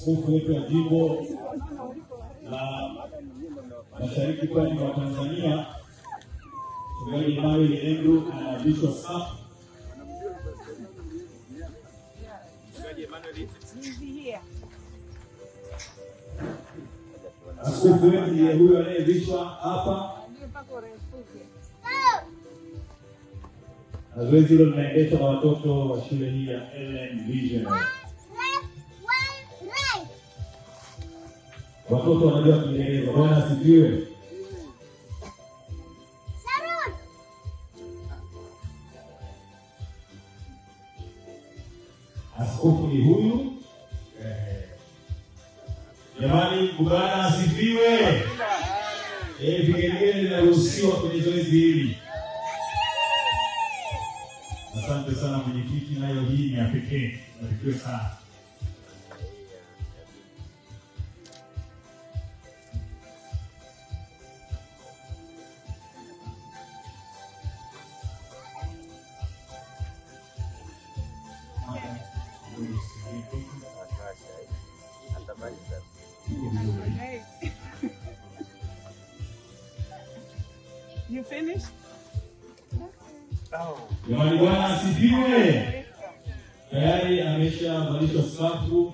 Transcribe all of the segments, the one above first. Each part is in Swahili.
askofu wetu wa jimbo la mashariki kwani wa Tanzania, Mchungaji Maweli Andrew anaapishwa safu. Askofu wetu ndiye huyo anayevishwa hapa na zoezi hilo linaendeshwa na watoto wa shule hii ya Ellen Vision. Watoto wanajua Kiingereza. Bwana asifiwe. Askofu ni huyu jamani, Bwana asifiwe. Eh, Vigengele linaruhusiwa kwenye zoezi hili. Asante sana mwenyekiti, nayo hii ni ya pekee. Barikiwe sana. Hey. you finished? Jamani, oh. bwana asifiwe! Tayari Malisha, safu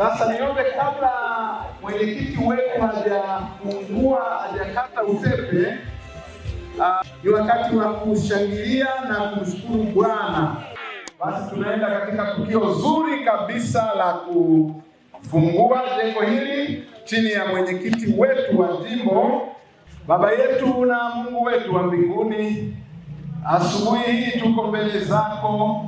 Sasa niombe kabla mwenyekiti wetu hajaungua hajakata utepe, ah, ni wakati wa kushangilia na kumshukuru Bwana. Basi tunaenda katika tukio zuri kabisa la kufungua jengo hili chini ya mwenyekiti wetu wa jimbo, baba yetu na Mungu wetu wa mbinguni, asubuhi hii tuko mbele zako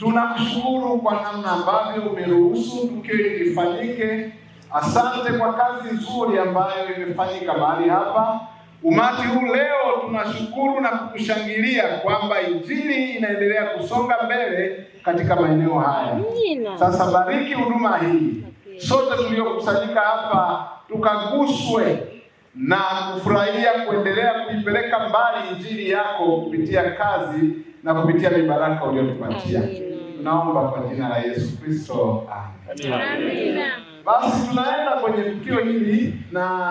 Tunakushukuru kwa namna ambavyo umeruhusu tukio hili lifanyike. Asante kwa kazi nzuri ambayo imefanyika mahali hapa. Umati huu leo tunashukuru na kukushangilia kwamba injili inaendelea kusonga mbele katika maeneo haya. Sasa bariki huduma hii, sote tuliokusanyika hapa tukaguswe na kufurahia kuendelea kuipeleka mbali injili yako kupitia kazi na kupitia mibaraka uliyotupatia. Tunaomba kwa jina la Yesu Kristo, amina. Basi tunaenda kwenye tukio hili na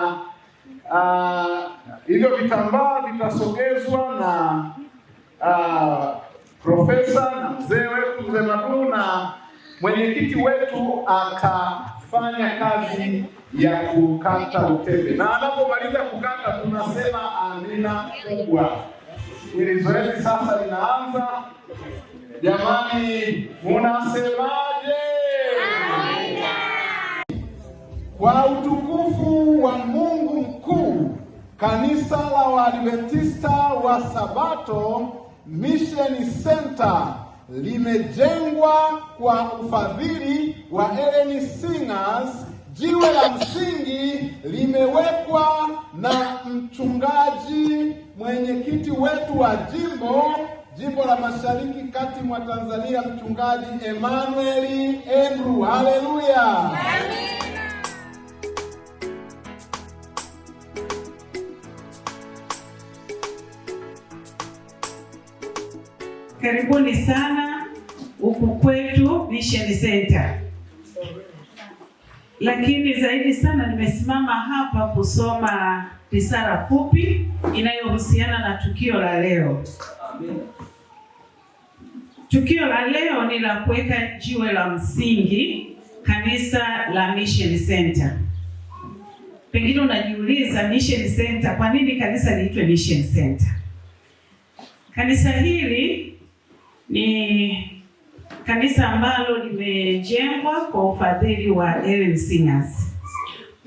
uh, hivyo vitambaa vitasogezwa na uh, profesa na mzee wetu mzee Madu na mwenyekiti wetu akafanya kazi ya kukata utepe, na anapomaliza kukata tunasema amina kubwa. Ili zoezi sasa linaanza. Jamani, munasemaje? Kwa utukufu wa Mungu mkuu, kanisa la Waadventista wa Sabato Mission Center limejengwa kwa ufadhili wa Ellen Singers. Jiwe la msingi limewekwa na mchungaji mwenyekiti wetu wa jimbo jimbo la mashariki kati mwa Tanzania, mchungaji Emmanuel Andrew. Haleluya! Karibuni sana huku kwetu Mission Center, lakini zaidi sana nimesimama hapa kusoma risala fupi inayohusiana na tukio la leo. Tukio la leo ni la kuweka jiwe la msingi kanisa la Mission Center. Pengine unajiuliza Mission Center, kwa nini kanisa liitwe Mission Center? Kanisa hili ni kanisa ambalo limejengwa kwa ufadhili wa Ellen Singers.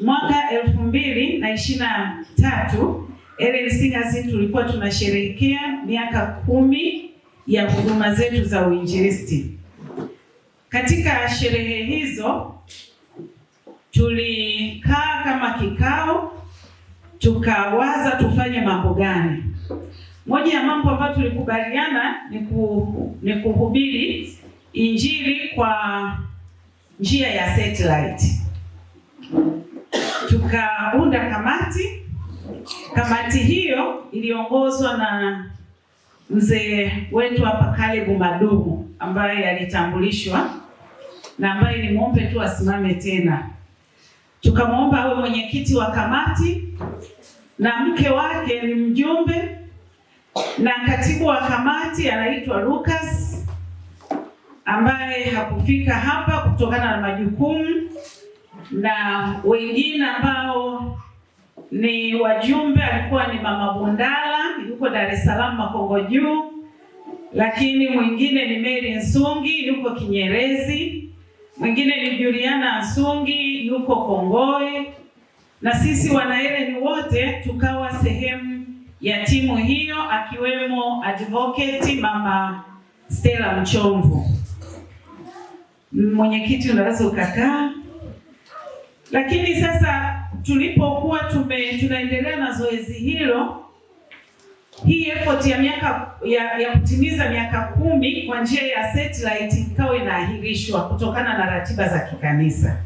Mwaka elfu mbili na ishirini na tatu Ellen Singers tulikuwa tunasherehekea miaka kumi ya huduma zetu za uinjilisti. Katika sherehe hizo tulikaa kama kikao, tukawaza tufanye mambo gani. Moja ya mambo ambayo tulikubaliana ni ku, ni kuhubiri injili kwa njia ya satellite. Tukaunda kamati. Kamati hiyo iliongozwa na mzee wetu hapa Caleb Madumu ambaye alitambulishwa na ambaye ni mwombe tu asimame tena. Tukamwomba awe mwenyekiti wa kamati na mke wake ni mjumbe na katibu wa kamati anaitwa Lucas ambaye hakufika hapa kutokana na majukumu na wengine ambao ni wajumbe, alikuwa ni mama Bundala yuko Dar es Salaam Makongo Juu, lakini mwingine ni Mary Nsungi yuko Kinyerezi, mwingine ni Juliana Nsungi yuko Kongoe, na sisi wanaeleni wote tukawa sehemu ya timu hiyo, akiwemo advocate mama Stella Mchomvu. Mwenyekiti, unaweza ukakaa, lakini sasa tulipokuwa tume tunaendelea na zoezi hilo, hii effort ya miaka ya, ya kutimiza miaka kumi kwa njia ya satellite ikawa inaahirishwa kutokana na ratiba za kikanisa.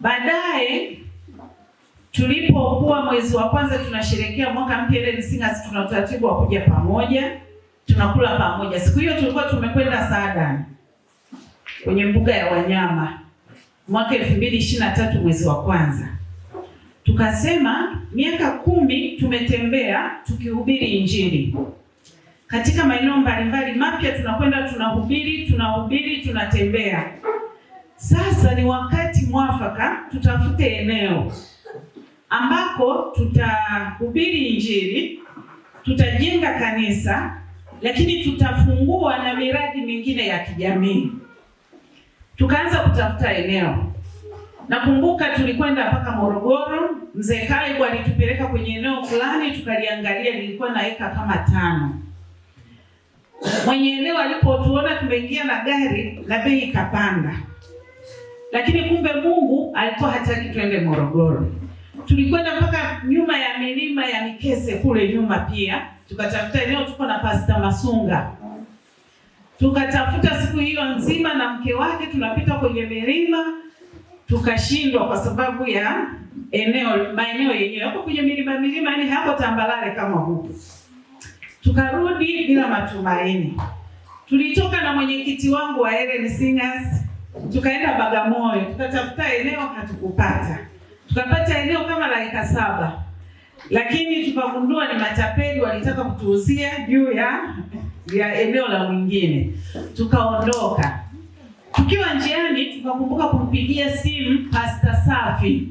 Baadaye tulipokuwa mwezi wa kwanza tunasherehekea mwaka mpya ile Singers, tuna utaratibu wa kuja pamoja, tunakula pamoja. Siku hiyo tulikuwa tumekwenda Saadani kwenye mbuga ya wanyama mwaka 2023 mwezi wa kwanza Tukasema miaka kumi tumetembea tukihubiri Injili katika maeneo mbalimbali mapya, tunakwenda tunahubiri, tunahubiri, tunatembea. Sasa ni wakati mwafaka tutafute eneo ambako tutahubiri Injili, tutajenga kanisa, lakini tutafungua na miradi mingine ya kijamii. Tukaanza kutafuta eneo Nakumbuka tulikwenda mpaka Morogoro, mzee Kaibu alitupeleka kwenye eneo fulani tukaliangalia, lilikuwa na eka kama tano. Mwenye eneo alipotuona tumeingia na gari na bei ikapanda, lakini kumbe Mungu alikuwa hataki tuende Morogoro. Tulikwenda mpaka nyuma ya milima ya Mikese kule nyuma, pia tukatafuta eneo, tuko na Pasta Masunga tukatafuta siku hiyo nzima na mke wake, tunapita kwenye milima tukashindwa kwa sababu ya eneo maeneo yenyewe hapo kwenye milima milima, yani hapo tambalale kama huko, tukarudi bila matumaini. Tulitoka na mwenyekiti wangu wa Ellen Singers tukaenda Bagamoyo, tukatafuta eneo hatukupata, tukapata eneo kama la eka saba, lakini tukagundua ni matapeli walitaka kutuuzia juu ya ya eneo la mwingine, tukaondoka Tukiwa njiani tukakumbuka kumpigia simu pasta Safi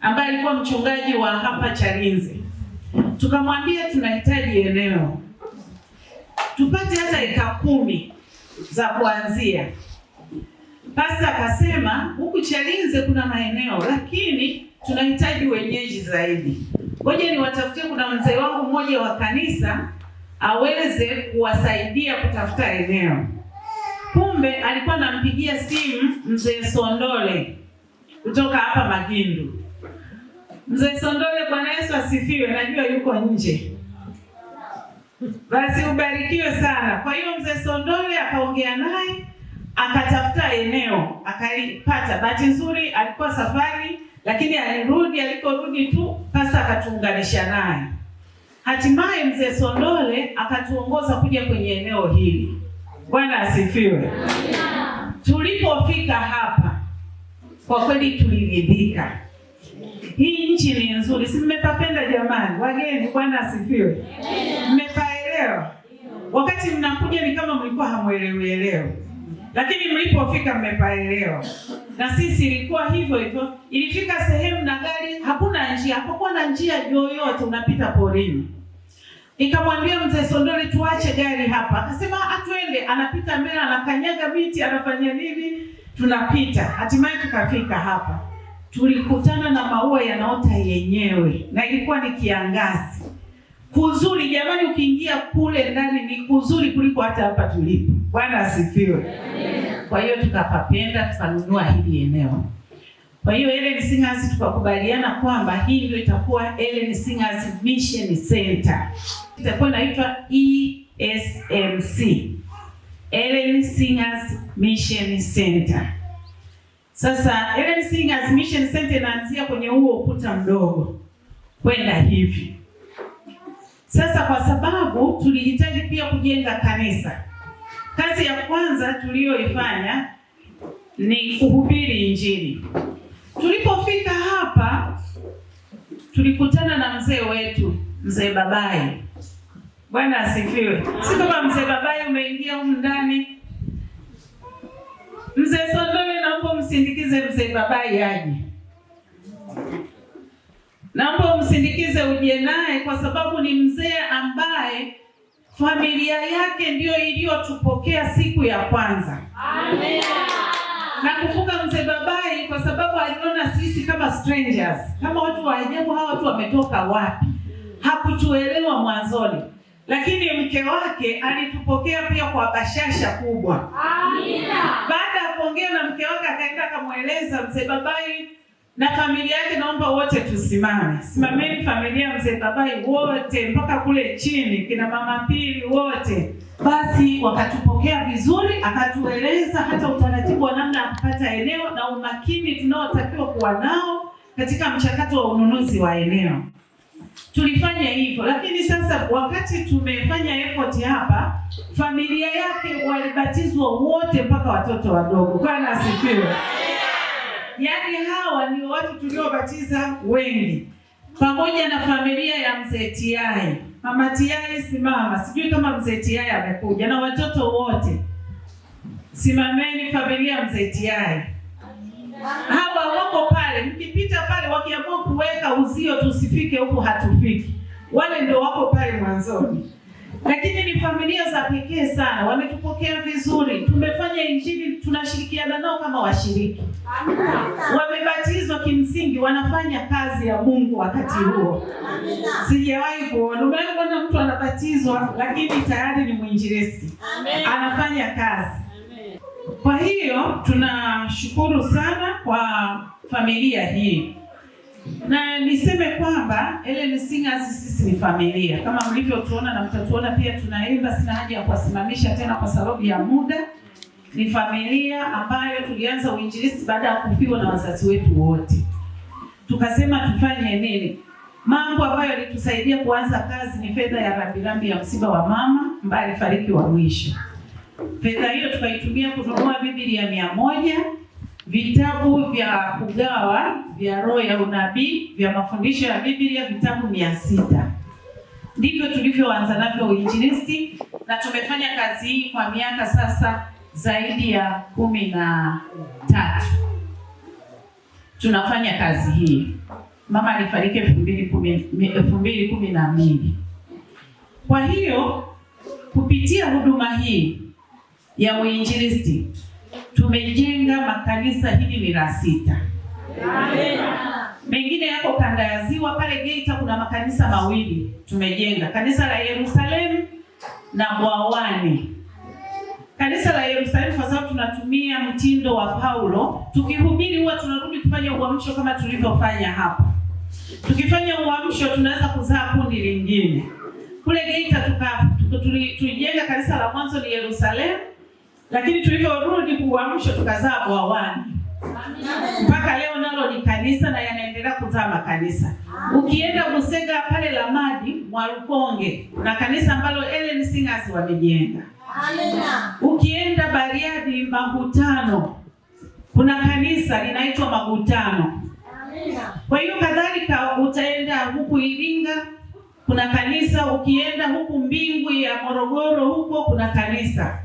ambaye alikuwa mchungaji wa hapa Chalinze, tukamwambia tunahitaji eneo tupate hata eka kumi za kuanzia. pasta akasema huku Chalinze kuna maeneo lakini tunahitaji wenyeji zaidi. Ngoja niwatafutie, kuna mzee wangu mmoja wa kanisa aweze kuwasaidia kutafuta eneo. Kumbe alikuwa anampigia simu mzee Sondole kutoka hapa Magindu. Mzee Sondole, Bwana Yesu asifiwe, najua yuko nje. Basi ubarikiwe sana. Kwa hiyo mzee Sondole akaongea naye, akatafuta eneo akalipata. Bahati nzuri alikuwa safari, lakini alirudi. Aliporudi tu pasta akatuunganisha naye, hatimaye mzee Sondole akatuongoza kuja kwenye eneo hili. Bwana asifiwe. Tulipofika hapa kwa kweli tuliridhika. Hii nchi ni nzuri, si mmepapenda jamani? Wageni, Bwana asifiwe. Mmepaelewa? Wakati mnakuja ni kama mlikuwa hamwelewelewa, lakini mlipofika mmepaelewa. Na sisi ilikuwa hivyo hivyo, ilifika sehemu na gari hakuna njia, hapakuwa na njia yoyote, unapita porini Nikamwambia mzee Sondole, tuache gari hapa. Akasema atwende. Anapita mbele, anakanyaga miti, anafanya nini? Tunapita, hatimaye tukafika hapa. Tulikutana na maua yanaota yenyewe, na ilikuwa ni kiangazi kuzuri. Jamani, ukiingia kule ndani ni kuzuri kuliko hata hapa tulipo. Bwana asifiwe. Kwa hiyo tukapapenda, tukanunua hili eneo. Kwa hiyo Ellen Singers tukakubaliana kwamba hii ndio itakuwa Ellen Singers Mission Center, itakuwa inaitwa ESMC, Ellen Singers Mission Center. Sasa Ellen Singers Mission Center inaanzia kwenye huo ukuta mdogo kwenda hivi. Sasa kwa sababu tulihitaji pia kujenga kanisa, kazi ya kwanza tuliyoifanya ni kuhubiri Injili. Tulipofika hapa tulikutana na mzee wetu, mzee Babaye. Bwana asifiwe. Si kama mzee Babaye umeingia humu ndani. Mzee Sondole, naomba msindikize mzee Babaye aje. Naomba msindikize uje naye kwa sababu ni mzee ambaye familia yake ndiyo iliyotupokea siku ya kwanza. Amen. Na kama strangers, kama watu wa ajabu. Hawa watu wametoka wapi? Hakutuelewa mwanzoni, lakini mke wake alitupokea pia kwa bashasha kubwa. Amina. Baada ya kuongea na mke wake, akaenda akamweleza mzee Babai na familia yake, naomba wote tusimame, simameni familia mzee Babai wote mpaka kule chini, kina mama pili wote. Basi wakatupokea vizuri, akatueleza hata utaratibu wa namna ya kupata eneo na umakini tunaotaka waliokuwa nao katika mchakato wa ununuzi wa eneo. Tulifanya hivyo, lakini sasa wakati tumefanya effort hapa, familia yake walibatizwa wote mpaka watoto wadogo. Bwana asifiwe! Yaani hawa ni watu tuliobatiza wengi, pamoja na familia ya mzee Tiai. Mama Tiai, simama, sijui kama mzee Tiai amekuja na watoto wote. Simameni familia mzee Tiai. Hawa wako pale, mkipita pale wakiamua kuweka uzio tusifike huku hatufiki, wale ndio wako pale mwanzoni. Lakini ni familia za pekee sana, wametupokea vizuri, tumefanya Injili, tunashirikiana nao kama washiriki, wamebatizwa, kimsingi wanafanya kazi ya Mungu wakati huo. Sijawahi kuona, umeona mtu anabatizwa lakini tayari ni mwinjilisti, anafanya kazi kwa hiyo tunashukuru sana kwa familia hii, na niseme kwamba Ellen Singers sisi ni familia kama mlivyotuona na mtatuona pia tunaimba. Sina haja ya kuwasimamisha tena kwa sababu ya muda. Ni familia ambayo tulianza uinjilisti baada ya kupiwa na wazazi wetu wote, tukasema tufanye nini? Mambo ambayo yalitusaidia kuanza kazi ni fedha ya rambirambi ya msiba wa mama ambaye alifariki wa mwisho Fedha hiyo tukaitumia kununua Biblia mia moja, vitabu vya kugawa vya roho ya unabii vya mafundisho ya Biblia vitabu mia sita. Ndivyo tulivyoanza navyo uinjilisti, na tumefanya kazi hii kwa miaka sasa zaidi ya kumi na tatu. Tunafanya kazi hii. Mama alifariki elfu mbili kumi na mbili. Kwa hiyo kupitia huduma hii ya uinjilisti. Tumejenga makanisa, hili ni la sita. Amen. Mengine yako kanda ya ziwa pale Geita, kuna makanisa mawili tumejenga, kanisa la Yerusalemu na Bwawani. Kanisa la Yerusalemu kwa sababu tunatumia mtindo wa Paulo, tukihubiri huwa tunarudi kufanya uamsho kama tulivyofanya hapa. Tukifanya uamsho tunaweza kuzaa kundi lingine. Kule Geita tuka tulijenga kanisa la mwanzo ni Yerusalemu lakini tulivyorudi kuuamsho tukazaa Bwawani mpaka leo nalo ni kanisa na yanaendelea kuzaa makanisa. Ukienda Busega pale la maji Mwalukonge na kanisa ambalo Ellen Singers wamejenga. Ukienda Bariadi Makutano kuna kanisa linaitwa Makutano. Kwa hiyo kadhalika, utaenda huku Iringa kuna kanisa, ukienda huku Mbingu ya Morogoro huko kuna kanisa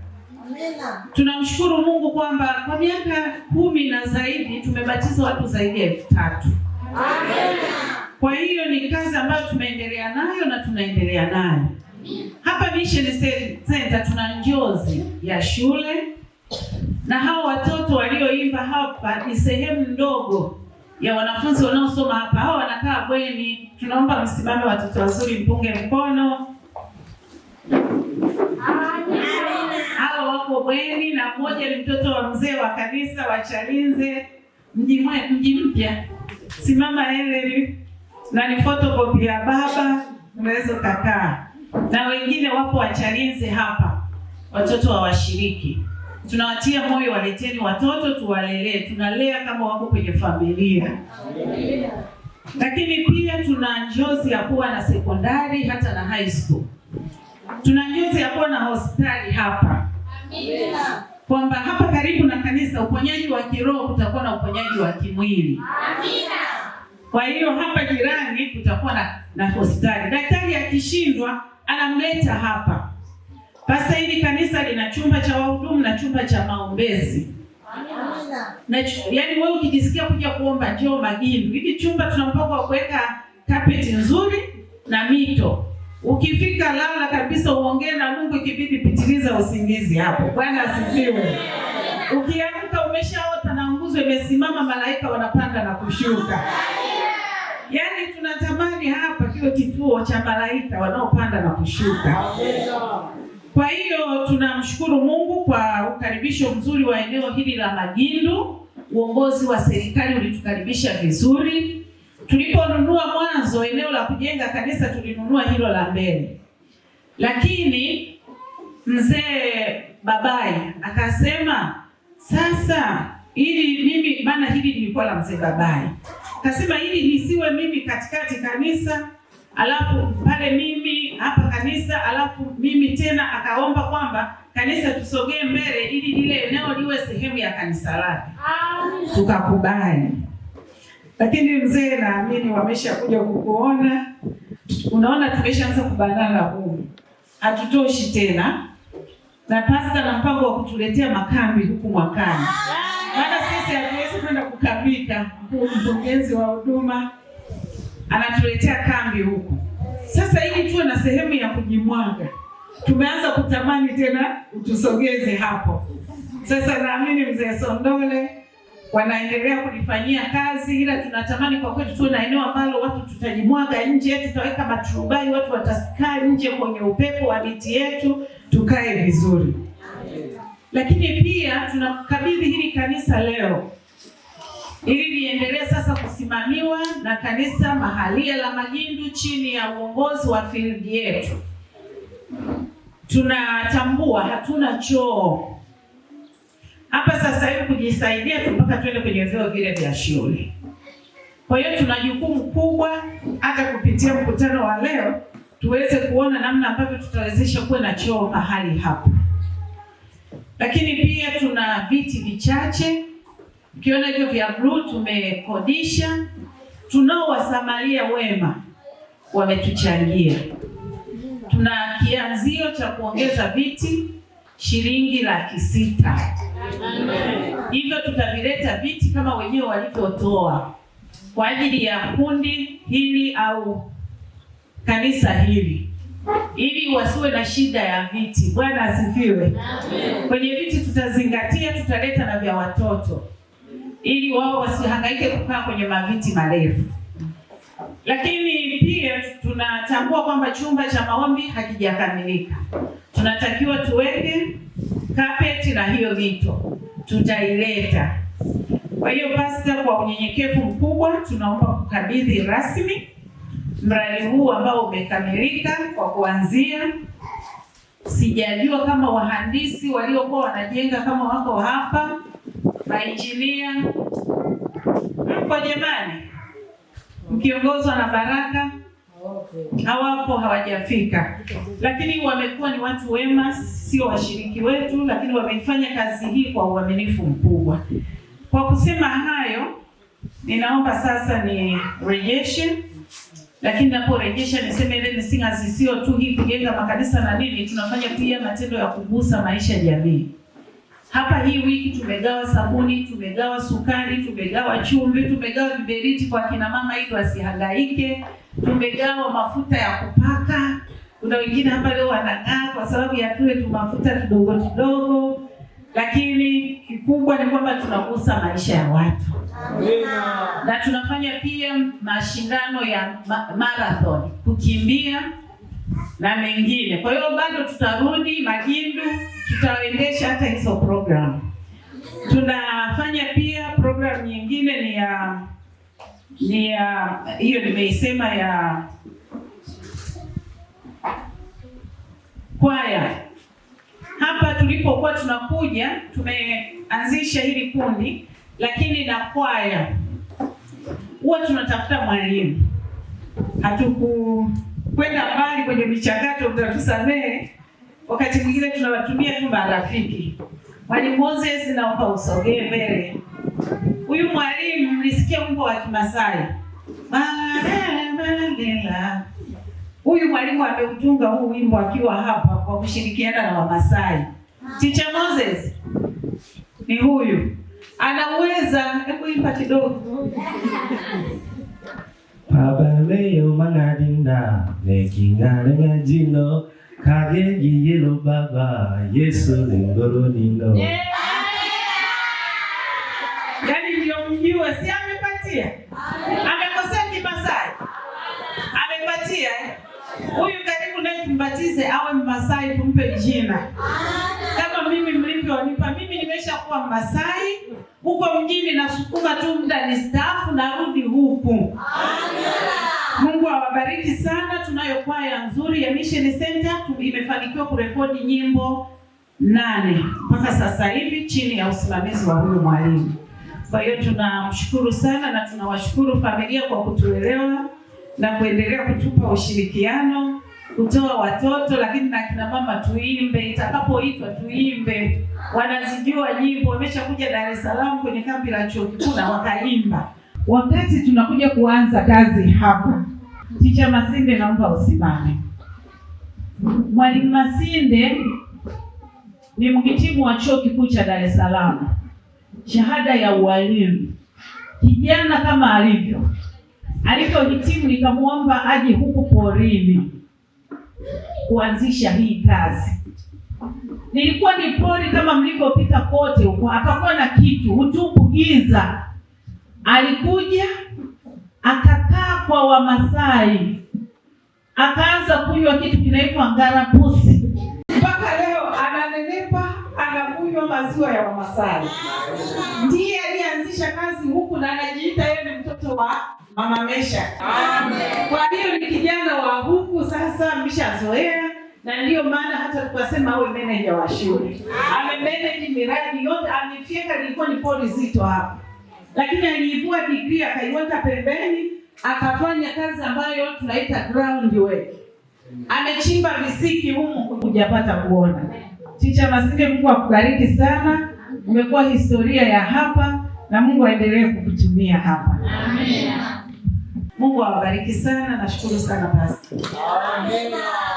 Tunamshukuru Mungu kwamba kwa miaka kumi na zaidi tumebatiza watu zaidi ya elfu tatu. Kwa hiyo ni kazi ambayo tumeendelea nayo na tunaendelea nayo hapa Mission Center. Tuna njozi ya shule na hao watoto walioimba hapa ni sehemu ndogo ya wanafunzi wanaosoma hapa. Hao wanakaa bweni. Tunaomba msimame, watoto wazuri, mpunge mkono Amen wako bweni na mmoja ni mtoto wa mzee wa kanisa wa Chalinze mji mji mpya, simama Helen na ni fotokopi ya baba, unaweza kakaa na wengine wapo wa Chalinze hapa, watoto wa washiriki tunawatia moyo, waleteni watoto tuwalelee, tunalea kama wako kwenye familia lakini pia tuna njozi ya kuwa na sekondari hata na high school, tuna njozi ya kuwa na hospitali hapa kwamba hapa karibu na kanisa uponyaji wa kiroho kutakuwa na uponyaji wa kimwili. Amina. Kwa hiyo hapa jirani kutakuwa na, na hospitali. Daktari akishindwa anamleta hapa. Sasa hili kanisa lina chumba cha wahudumu na chumba cha maombezi. Amina. Na yaani wewe ukijisikia kuja kuomba njoo Magindu. Hiki chumba tuna wa kuweka kapeti nzuri na mito Ukifika lala kabisa, uongee na Mungu, ikibidi pitiliza usingizi hapo. Bwana asifiwe. Ukiamka umeshaota na nguzo imesimama, malaika wanapanda na kushuka. Yaani tunatamani hapa kile kituo cha malaika wanaopanda na kushuka. Kwa hiyo tunamshukuru Mungu kwa ukaribisho mzuri wa eneo hili la Magindu. Uongozi wa serikali ulitukaribisha vizuri Tuliponunua mwanzo eneo la kujenga kanisa, tulinunua hilo la mbele, lakini mzee Babai akasema sasa, ili mimi maana hili lilikuwa la mzee Babai, akasema ili nisiwe mimi katikati kanisa alafu pale mimi hapa kanisa, alafu mimi tena. Akaomba kwamba kanisa tusogee mbele ili lile eneo liwe sehemu ya kanisa lake, tukakubali lakini mzee, naamini wameshakuja kukuona, unaona tumeshaanza kubanana humu, hatutoshi tena na pasta na mpango wa kutuletea makambi huku mwakani, maana sisi hatuwezi kwenda kukambika. Mkurugenzi wa huduma anatuletea kambi huku. Sasa ili tuwe na sehemu ya kujimwaga, tumeanza kutamani tena utusogeze hapo. Sasa naamini mzee Sondole wanaendelea kulifanyia kazi, ila tunatamani kwa kweli tuwe na eneo ambalo watu tutajimwaga nje, tutaweka maturubai, watu watakaa nje kwenye upepo wa miti yetu, tukae vizuri. Lakini pia tunakabidhi hili kanisa leo ili liendelee sasa kusimamiwa na kanisa mahalia la Magindu chini ya uongozi wa field yetu. Tunatambua hatuna choo hapa sasa hivi kujisaidia tu mpaka tuende kwenye vyoo vile vya shule. Kwa hiyo tuna jukumu kubwa, hata kupitia mkutano wa leo tuweze kuona namna ambavyo tutawezesha kuwe na choo mahali hapa, lakini pia tuna viti vichache, ukiona hivyo vya bluu tumekodisha. Tunao wasamaria wema wametuchangia, tuna kianzio cha kuongeza viti shilingi laki sita. Hivyo tutavileta viti kama wenyewe walivyotoa kwa ajili ya kundi hili au kanisa hili ili wasiwe na shida ya viti. Bwana asifiwe. Kwenye viti tutazingatia, tutaleta na vya watoto ili wao wasihangaike kukaa kwenye maviti marefu. Lakini pia tunatambua kwamba chumba cha maombi hakijakamilika, tunatakiwa tuweke kapeti na hiyo mito tutaileta. Kwa hiyo pasta, kwa unyenyekevu mkubwa tunaomba kukabidhi rasmi mradi huu ambao umekamilika kwa kuanzia. Sijajua kama wahandisi waliokuwa wanajenga kama wako hapa, mainjinia mko jamani? mkiongozwa na Baraka hawapo, hawajafika, lakini wamekuwa ni watu wema, sio washiriki wetu, lakini wameifanya kazi hii kwa uaminifu mkubwa. Kwa kusema hayo, ninaomba sasa ni rejeshe, lakini naporejesha niseme ile Missingers sio tu hii kujenga makanisa na nini, tunafanya pia matendo ya kugusa maisha jamii. Hapa hii wiki tumegawa sabuni, tumegawa sukari, tumegawa chumvi, tumegawa viberiti kwa kina mama ili wasihangaike, tumegawa mafuta ya kupaka. Kuna wengine hapa leo wanang'aa kwa sababu ya tule tu mafuta kidogo kidogo, lakini kikubwa ni kwamba tunagusa maisha ya watu Amina. Na tunafanya pia mashindano ya ma marathon kukimbia na mengine. Kwa hiyo bado tutarudi Magindu, tutaendesha hata hizo program. Tunafanya pia program nyingine ni ya ni ya hiyo nimeisema ya kwaya. Hapa tulipokuwa tunakuja, tumeanzisha hili kundi, lakini na kwaya huwa tunatafuta mwalimu hatuku kwenda mbali kwenye michakato, mtatusamehe. Wakati mwingine tunawatumia tu marafiki. Mwalimu Moses, naomba usogee mbele. Huyu mwalimu nisikie mbo wa Kimasai Mandela. Huyu mwalimu ameutunga huu wimbo akiwa hapa kwa kushirikiana na Wamasai. Teacher Moses ni huyu, anaweza hebu imba kidogo Pabaleyo manadinda leking'aleng'a jino kagegiyelo baba Yesu lingolo nino. Yaani ndio mjue, si amepatia, amekosea Kimasai, amepatia eh? huyu karibu naye tumbatize awe Mmasai, tumpe jina kama mimi mlivyonipa mimi. Nimeshakuwa Mmasai huko mjini, nasukuma tu muda nistaafu, narudi huu tukufu. Amina. Mungu awabariki sana. Tunayo kwaya nzuri ya Mission Center, imefanikiwa kurekodi nyimbo nane mpaka sasa hivi chini ya usimamizi wa huyu mwalimu. Kwa hiyo tunamshukuru sana na tunawashukuru familia kwa kutuelewa na kuendelea kutupa ushirikiano, kutoa watoto, lakini na kina mama, tuimbe. Itakapoitwa tuimbe, wanazijua nyimbo. Wameshakuja Dar es Salaam kwenye kambi la chuo kikuu na wakaimba. Wakati tunakuja kuanza kazi hapa, Ticha Masinde, naomba usimame. Mwalimu Masinde ni mhitimu wa Chuo Kikuu cha Dar es Salaam, shahada ya ualimu. Kijana kama alivyo, alivyohitimu nikamwomba aje huku porini kuanzisha hii kazi. Nilikuwa ni pori kama mlivyopita kote huko, akakuwa na kitu utupu giza Alikuja akakaa kwa Wamasai, akaanza kunywa kitu kinaitwa ngarapusi. Mpaka leo ananenepa, anakunywa maziwa ya Wamasai. Ndiye alianzisha kazi huku na anajiita yeye ni mtoto wa Mama Mesha. Amen. Kwa hiyo ni kijana wa huku sasa, mshazoea na ndiyo maana hata tukasema awe meneja wa shule. Amemeneji miradi yote, amefyeka, lilikuwa ni poli zito hapa lakini aliivua digrii akaiweka pembeni, akafanya kazi ambayo tunaita ground work. Amechimba visiki humu kujapata kuona. Ticha Masinde, Mungu akubariki sana, umekuwa historia ya hapa na Mungu aendelee kukutumia hapa. Amina. Mungu awabariki sana, nashukuru sana basi. Amina.